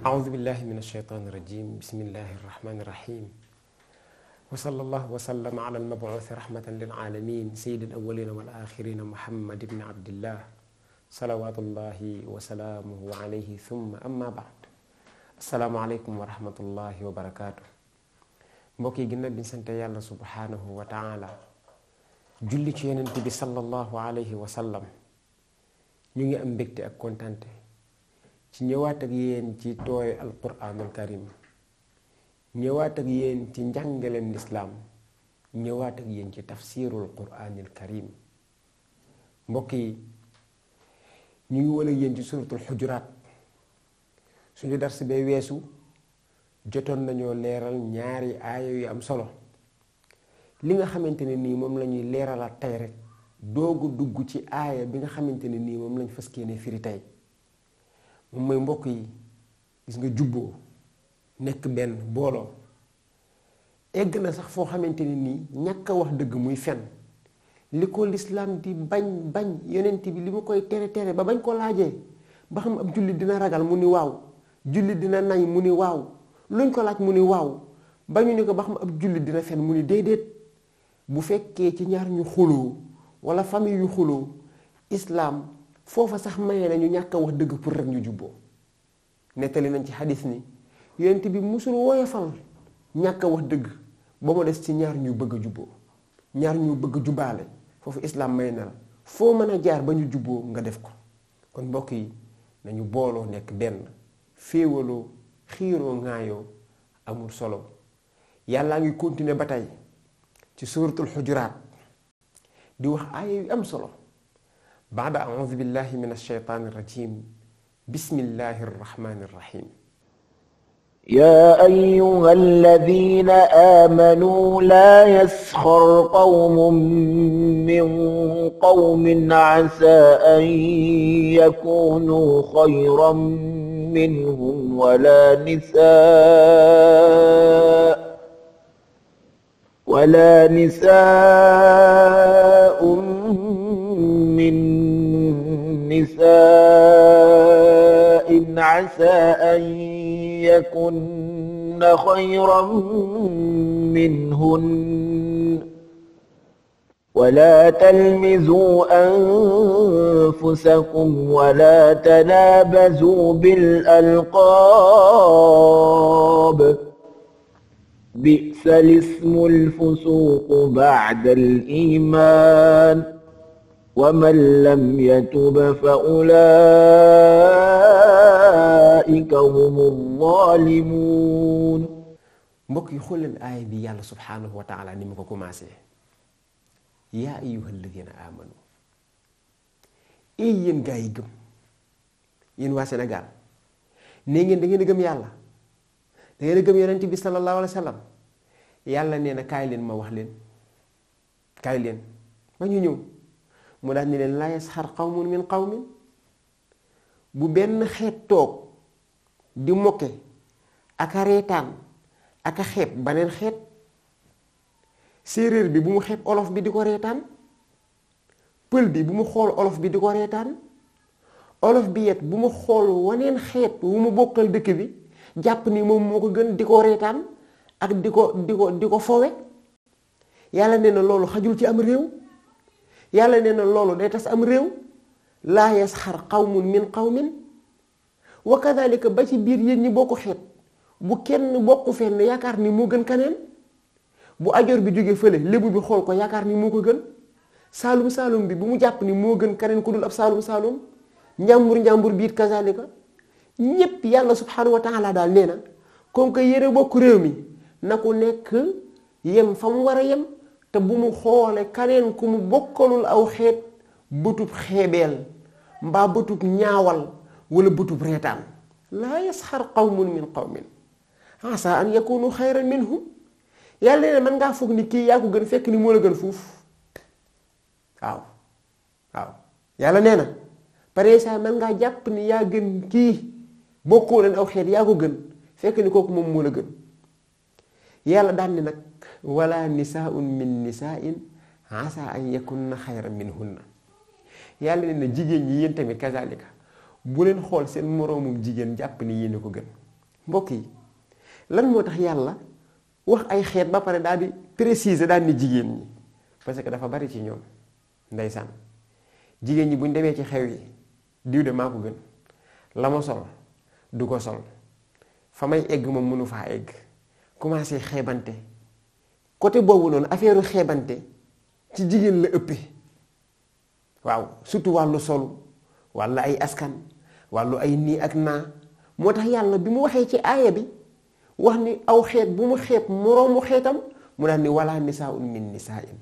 أعوذ بالله من الشيطان الرجيم بسم الله الرحمن الرحيم وصلى الله وسلم على المبعوث رحمة للعالمين سيد الأولين والآخرين محمد بن عبد الله صلوات الله وسلامه عليه ثم أما بعد السلام عليكم ورحمة الله وبركاته بوكي جنة بن bi الله سبحانه وتعالى subhanahu wa صلى الله عليه وسلم bi sallallahu alayhi ci ñëwaat ak yéen ci tooy alquranul karim ñëwaat ak yéen ci njàngaleem lislaam ñëwaat ak yéen ci tafsirul quranil karim mbokk yi ñu ngi wala yéen ci suratul xujuraat suñu dars bee weesu jotoon nañoo leeral ñaari aayo yu am solo li nga xamante ne nii moom lañuy leeralaat tey rek doogu dugg ci aaya bi nga xamante ne nii moom lañ fas yéene firi tey moom mooy mbokk yi gis nga jubboo nekk benn booloo egg na sax foo xamante ni nii ñàkk a wax dëgg muy fen li ko lislaam di bañ bañ yonent bi li mu koy tere tere ba bañ ko laajee ba xam ab jullit dina ragal mu ni waaw jullit dina nañ mu ni waaw luñ ko laaj mu ni waaw bañu ni ko ba xam ab jullit dina fen mu ni déedéet bu fekkee ci ñaar ñu xuloo wala famille yu xuloo islaam foofa sax maye na ñu ñàkk a wax dëgg pour rek ñu jubboo nettali nañ ci xadis ni yonent bi musul woyofal ñàkk a wax dëgg ba mu des ci ñaar ñu bëgg a jubboo ñaar ñu bëgg a jubbaale foofu islam may na la foo mën a jaar ba ñu jubboo nga def ko kon mbokk yi nañu booloo nekk benn féewaloo xiiroo ŋaayoo amul solo yàllaa ngi continuer ba tey ci suuratul xujuraat di wax aaya yu am solo بعد أعوذ بالله من الشيطان الرجيم بسم الله الرحمن الرحيم يا أيها الذين آمنوا لا يسخر قوم من قوم عسى أن يكونوا خيرا منهم ولا نساء ولا نساء نساء عسى أن يكن خيرا منهن ولا تلمزوا أنفسكم ولا تنابزوا بالألقاب بئس الاسم الفسوق بعد الإيمان ومن لم يتب فأولئك هم الظالمون mbokk yi xool leen aaya bi yàlla subhaanahu wa taala ni mu ko commencé yaa ayyuha alladina amanu ey yéen gaa yi gëm waa Sénégal nee ngeen da ngeen a gëm yàlla da ngeen a gëm yonent bi sallallahu alayhi wa sallam yàlla nee leen ma wax leen ma ñu mu daal ni leen laa yasxar qawmun min qawmin bu benn xeet toog di mokke ak a reetaan ak a xeeb baneen xeet séeréer bi bu mu xeeb olof bi di ko reetaan bi bu mu xool olof bi di ko reetaan olof bi yet bu mu xool waneen xeet wu mu bokkal dëkk bi jàpp ni moom moo ko gën di ko reetaan ak di ko di ko di ko fowe yàlla nee na loolu xajul ci am réew yàlla nee na loolu day tas am réew laa yasxar qawmun min qawmin wa kadalika ba ci biir yéen ñi bokk xeet bu kenn bokku fenn yaakaar ni moo gën kaneen bu ajoor bi jógee fële lébu bi xool ko yaakaar ni moo ko gën saalum saalum bi bu mu jàpp ni moo gën kaneen ku dul ab saalum saalum njàmbur njàmbur biir kazalika ñépp yàlla subhanahu wa taala daal nee na kon que yére bokk réew mi na ku nekk yem fa mu war a yem te bu mu xoole kaneen ku mu bokkalul aw xeet bëtub xeebeel mbaa bëtub ñaawal wala bëtub reetaan laa yasxar qawmun min qawmin asa an yakunu xayran minhum yàlla ne man ngaa ni kii yaa ko gën fekk ni moo gën fuuf waaw waaw yàlla nee na pare man ngaa jàpp ni yaa gën kii bokkoo leen xeet yaa ko gën fekk ni kooku moom moo la gën yàlla daan ni nag wala nisaaun min nisaain asa an yakunna xayran na yàlla ne na jigéen ñi yéen tamit kazalika bu leen xool seen moroomum jigéen jàpp ni yéen ko gën mbokk yi lan moo tax yàlla wax ay xeet ba pare daal di préciser daal ni jigéen ñi parce que dafa bari ci ñoom ndeysaan jigéen ñi buñ demee ci xew yi diw de maa ko gën la ma sol du ko sol fa may egg moom mënu faa egg commencé xeebante côté boobu noonu affaire xeebante ci jigéen la ëppee waaw surtout wàllu solu wàllu ay askan wàllu ay nii ak naa moo tax yàlla bi mu waxee ci aaya bi wax ni aw xeet bu mu xeeb moroomu xeetam mu daan ni wala nisaaun min nisaain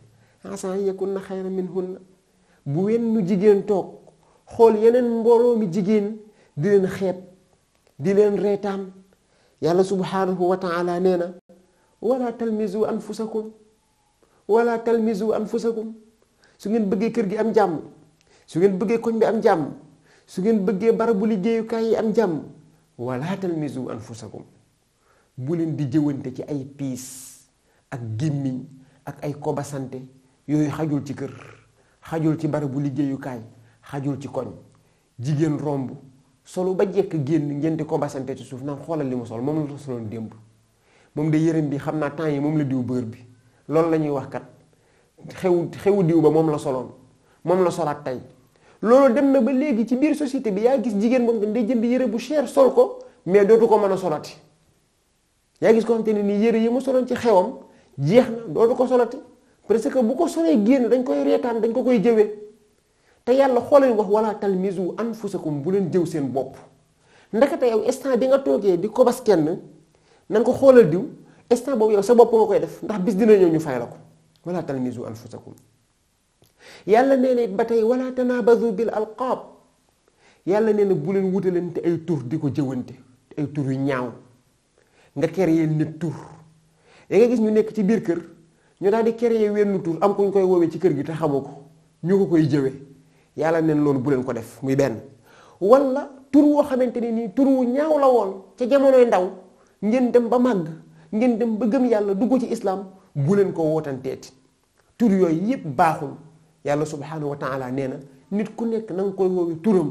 asa yakun na xayra min hunna bu wennu jigéen toog xool yeneen mbooloo mi jigéen di leen xeeb di leen reetaan yàlla subhanahu wa taala nee na wala talmizu anfusakum wala talmizu anfusakum su ngeen bëggee kër gi am jàmm su ngeen bëggee koñ bi am jàmm su ngeen bëggee barabu liggéeyukaay yi am jàmm wala talmizu anfusakum bu leen di jëwante ci ay piis ak gémmiñ ak ay kobasante yooyu xajul ci kër xajul ci barabu liggéeyukaay xajul ci koñ jigéen romb solu ba jekk génn ngeen di kobasante ci suuf naan xoolal li mu sol moom la soloon démb moom de yërëm bi xam naa temps yi moom la diw bër bi loolu la ñuy wax kat xew xewu diw ba moom la soloon moom la solaat tey loolu dem na ba léegi ci biir société bi yaa gis jigéen moom tam day jënd yëre bu cher sol ko mais dootu ko mën a yaa gis ko ne nii yëre yi mu soloon ci xewam jeex na dootu ko solati parce que bu ko solee génn dañ koy reetaan dañ ko koy jëwee te yàlla xooleen wax wala talmizu anfusakum bu leen jëw seen bopp ndakate yow instant bi nga toogee di kobas kenn na ko xoolal diw instant boobu yow sa bopp nga koy def ndax bis dina ñëw ñu fay la ko wala talmizu anfusakum yàlla nee na it ba tey wala tanabazu bil alqaab yàlla nee na bu leen wutalante ay tur di ko jëwante ay tur yu ñaaw nga créer nit tur da nga gis ñu nekk ci biir kër ñu daal di créer wenn tur am ku ñu koy woowee ci kër gi te xamoo ko ñu ko koy jëwee yàlla neen loolu bu leen ko def muy benn wala tur woo xamante ne nii tur wu ñaaw la woon ca jamonoy ndaw ngeen dem ba màgg ngeen dem ba gëm yàlla dugg ci islaam bu leen ko wootanteeti tur yooyu yëpp baaxul yàlla subhaanahu wa taala nee na nit ku nekk na nga koy woowee turam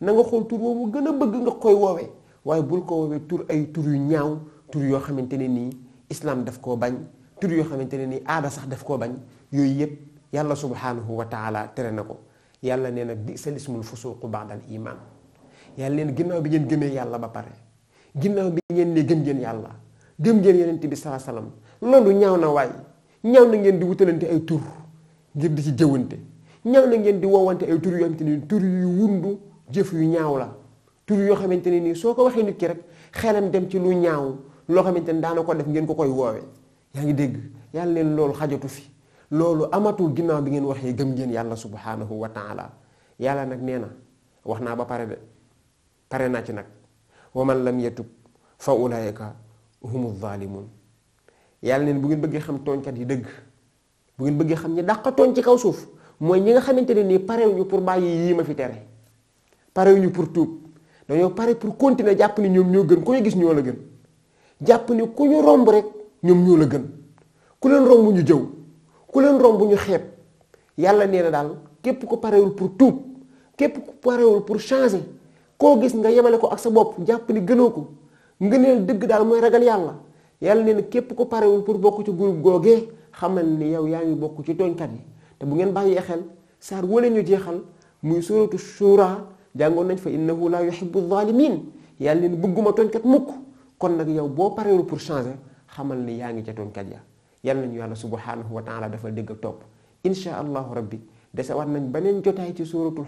na nga xool tur woowu gën a bëgg nga koy woowee waaye bul ko woowee tur ay tur yu ñaaw tur yoo xamante ne nii islaam daf koo bañ tur yoo xamante ne nii aada sax daf ko bañ yooyu yëpp yàlla subhaanahu wa taala tere na ko yàlla nee na bi sa lismul fusuqu ba'dal iman yàlla neen ginnaaw bi ngeen gëmee yàlla ba pare ginnaaw bi ngeen ne gëm ngeen yàlla gëm ngeen yonent bi salaa salaam loolu ñaaw na waay ñaaw na ngeen di wutalante ay tur ngir di ci jëwante ñaaw na ngeen di wowante ay tur yoo xamante ne tur yu jëf yu ñaaw la tur yoo xamante ne nii soo ko waxee nit ki rek xelam dem ci lu ñaaw loo xamante ne daana ko def ngeen ko koy woowe yaa ngi dégg yàlla leen loolu xajatu fi loolu amatul ginnaaw bi ngeen waxee gëm ngeen yàlla subhaanahu wa taala yàlla nag nee na wax naa ba pare de pare naa ci nag wa man lam yatub fa ulaayika humu zaalimun yàlla neen bu ngeen bëggee xam tooñkat yi dëgg bu ngeen bëggee xam ñi dàq tooñ ci kaw suuf mooy ñi nga xamante ne nii parewuñu pour bàyyi yii ma fi tere parewuñu pour tuub dañoo pare pour continuer jàpp ni ñoom ñoo gën ku ñu gis ñoo la gën jàpp ni ku ñu romb rek ñoom ñoo la gën ku leen romb ñu jëw ku leen romb ñu xeeb yàlla nee na daal képp ko parewul pour tuub képp ku parewul pour changer koo gis nga yemale ko ak sa bopp jàpp ni gënoo ko ngëneel dëgg daal mooy ragal yàlla yàlla nee képp ko parewul pour bokku ci groupe googee xamal ni yow yaa ngi bokk ci tooñkat yi te bu ngeen bàyyee xel saar wala ñu jeexal muy suratu shura jàngoon nañ fa innahu la yuhibbu zalimin yàlla nee na bëgguma tooñkat mukk kon nag yow boo parewul pour changer xamal ni yaa ngi ca tooñkat ya yàlla nañu yàlla subhanahu wa taala dafa dégg ak topp inchaa allahu rabbi desewaat nañ beneen jotaay ci suratul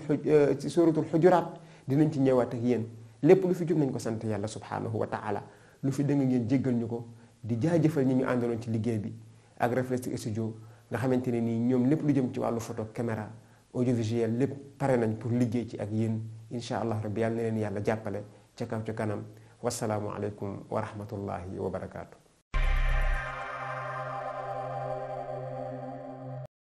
ci suratul xujuraat dinañ ci ñëwaat ak yéen lépp lu fi jub nañ ko sant yàlla subhaanahu wa taala lu fi dëng ngeen jéggal ñu ko di jaajëfal ñi ñu àndaloon ci liggéey bi ak Reflect Studio nga xamante ne nii ñoom lépp lu jëm ci wàllu photo caméra audiovisuel lépp pare nañ pour liggéey ci ak yéen incha allah rabbi yàlla na yàlla jàppale ca kaw ca kanam wasalaamu aleykum wa rahmatullahi wa barakaatu.